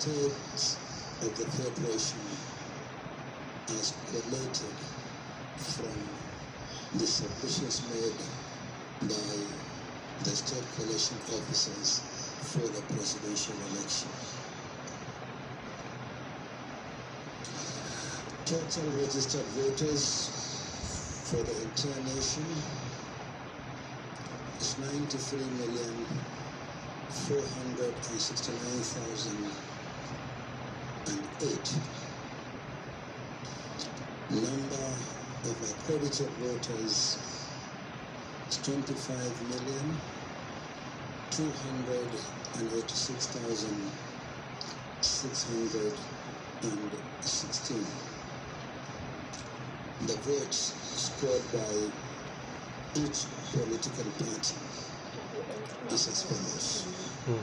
terms of the cooperation as related from the submissions made by the state collection officers for the presidential election. Total registered voters for the entire nation is 93,469,000 eight. Number of accredited voters is 25 million. 286,616. The votes scored by each political party is as follows. Mm.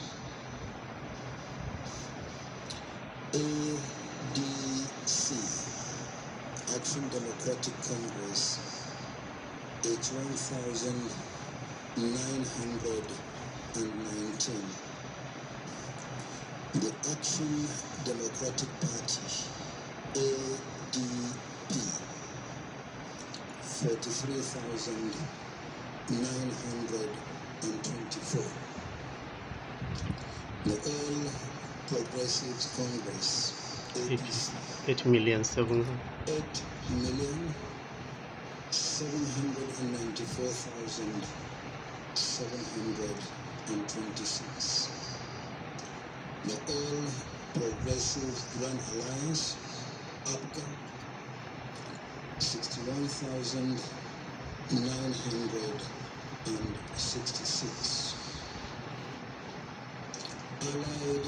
ADC, Action Democratic Congress, H 1919. The Action Democratic Party, ADP, thousand nine hundred and twenty four. The L Progressive Congress. Eight, eight million seven. Eight million seven hundred and ninety-four thousand seven hundred and twenty-six. The All Progressive Grand Alliance, APGA, sixty-one thousand nine hundred and sixty-six. Allied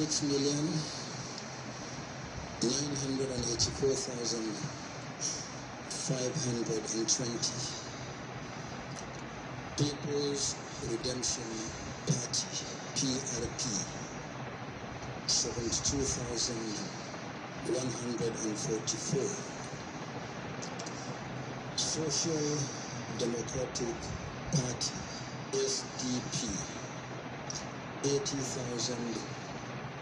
six million nine hundred and eighty four thousand five hundred and twenty People's Redemption Party PRP seventy two thousand one hundred and forty four Social Democratic Party SDP eighty thousand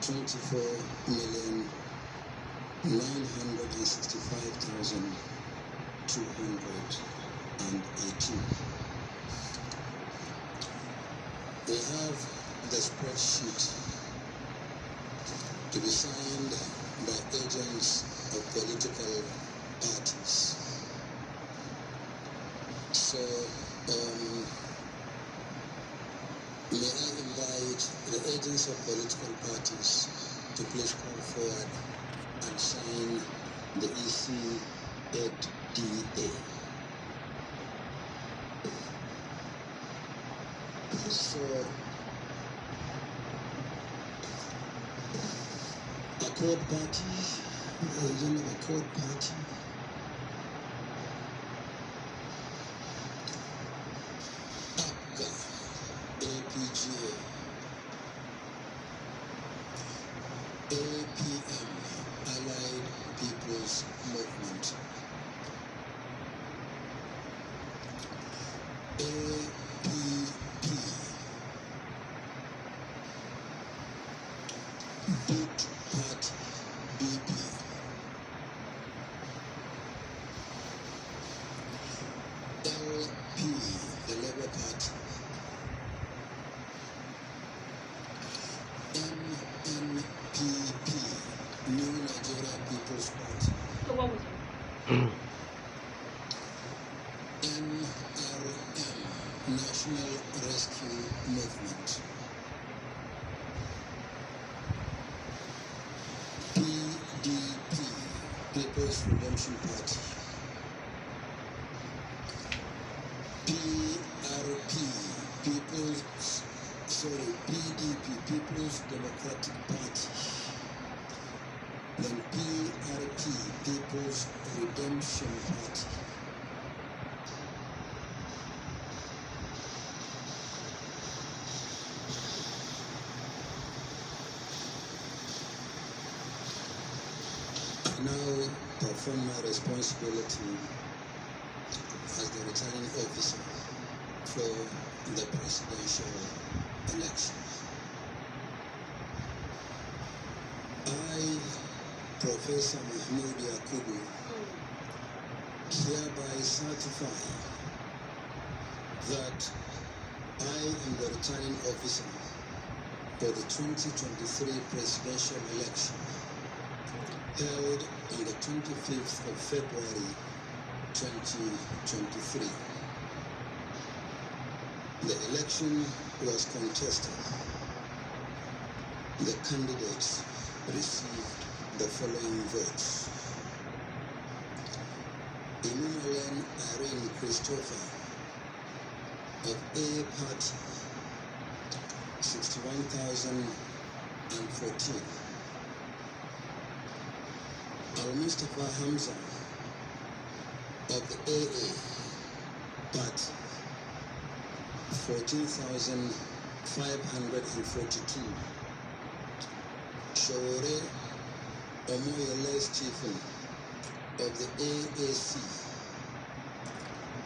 Twenty-four million nine hundred sixty-five thousand two hundred and eighty. They have the spreadsheet to be signed by agents of political parties. So, um, may I urge the agents of political parties to please come forward and sign the EC 8DA. So, a court party, a union of a court party Big the Labour Party. NNPP, New Nigeria People's Party. So what was it? NRM, National Rescue Movement. People's Redemption Party, PRP, People's, sorry, PDP, People's Democratic Party, then PRP, People's Redemption Party. responsibility as the returning officer for the presidential elections. I, Professor Mahmoud Yakubu, hereby certify that I am the returning officer for the 2023 presidential election held on the 25th of February 2023. The election was contested. The candidates received the following votes. Emmanuel Irene Christopher of A Party, 61,014. Dr. Mustafa Hamza of the AA, but 14,542. Shore Omoyele Stephen of the AAC,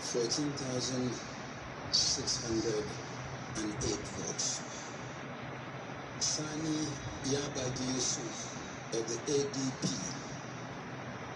14,608 votes. Sani Yabagi Yusuf of the ADP,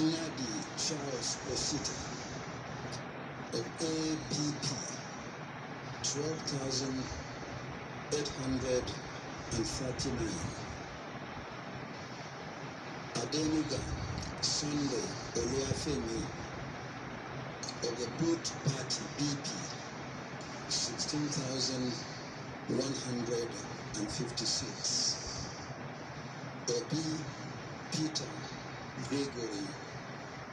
Ladi Charles Osita of APP 12,839. Adeniga Sunday Oluyafemi of the Boot Party BP 16,156. Obi Peter Gregory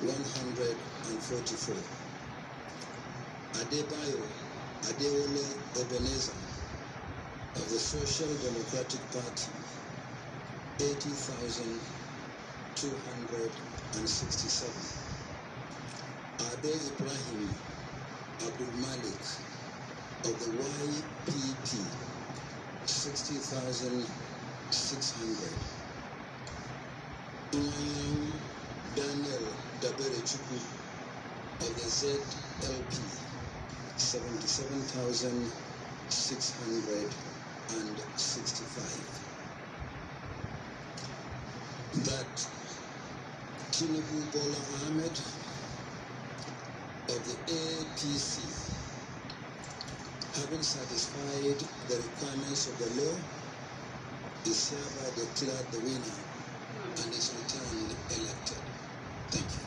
144. Adebayo Adeole Ebenezer of the Social Democratic Party, 80,267. Ade Ibrahim Abdul Malik of the YPP, 60,600. Daniel WHP and the ZLP 77,665. That Tinubu Bola Ahmed of the APC, having satisfied the requirements of the law, is hereby declared the winner and is returned elected. Thank you.